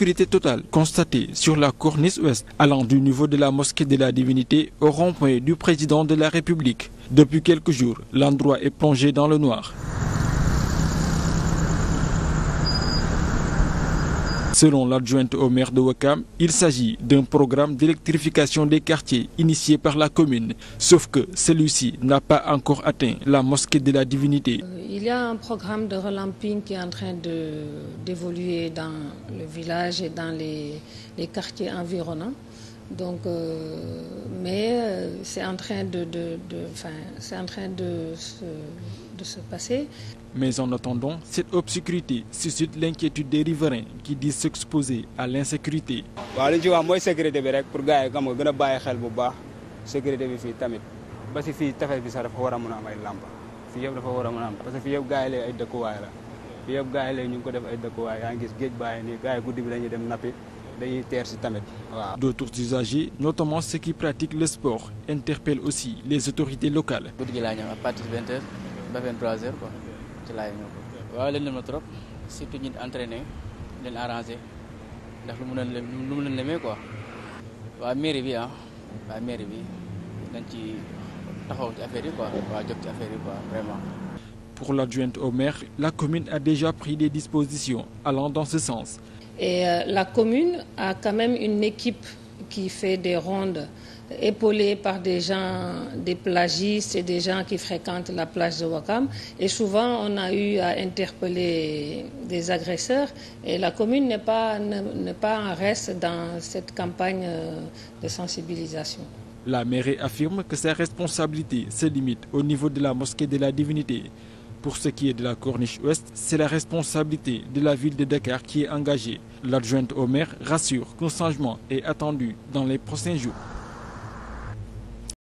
sécurité totale constatée sur la corniche ouest, allant du niveau de la mosquée de la Divinité au rond-point du président de la République. Depuis quelques jours, l'endroit est plongé dans le noir. Selon l'adjointe au maire de Wakam, il s'agit d'un programme d'électrification des quartiers initié par la commune, sauf que celui-ci n'a pas encore atteint la mosquée de la divinité. Euh, il y a un programme de relamping qui est en train d'évoluer dans le village et dans les, les quartiers environnants. Donc, euh, mais euh, en train de, de, de, de c'est en train de se de se passer. Mais en attendant, cette obscurité suscite l'inquiétude des riverains qui disent s'exposer à l'insécurité. waaw li ñu waa wax mooy sécurité bi rek pour gars yi xam nga gën a bàyyi xel bu baax sécurité bi fii tamit ba si fii tafes bi sax dafa war a mën a am ay làmp fii yëpp dafa war a mën a am parce que fii yëpp gars yi ay dëkkuwaay la fii yëpp gars yi ñu ngi ko def ay dëkkuwaay yaa ngi gis géej bàyyi nii gars yi guddi bi dañuy dem nappi dañuy teer si tamit waaw. D'autres usagers, notamment ceux qui pratiquent le sport, interpellent aussi les autorités locales. guddi gi ba 23 heures quoi ci laay ñëw ko waaw leen na trop surtout ñi entraîné leen arrangé ndax lu mu leen lu mu leen lemee quoi waa mairie bi ah waa mairie bi ci taxaw ci affaire yi quoi waa jóg ci affaire yi quoi vraiment Pour l'adjointe au maire, la commune a déjà pris des dispositions allant dans ce sens. Et euh, la commune a quand même une équipe qui fait des rondes épaulé par des gens, des plagistes et des gens qui fréquentent la plage de Wakam. Et souvent, on a eu à interpeller des agresseurs. Et la commune n'est pas, n'est pas en reste dans cette campagne euh, de sensibilisation. La mairie affirme que ses responsabilités se limitent au niveau de la mosquée de la divinité. Pour ce qui est de la corniche ouest, c'est la responsabilité de la ville de Dakar qui est engagée. L'adjointe au maire rassure qu'un changement est attendu dans les prochains jours.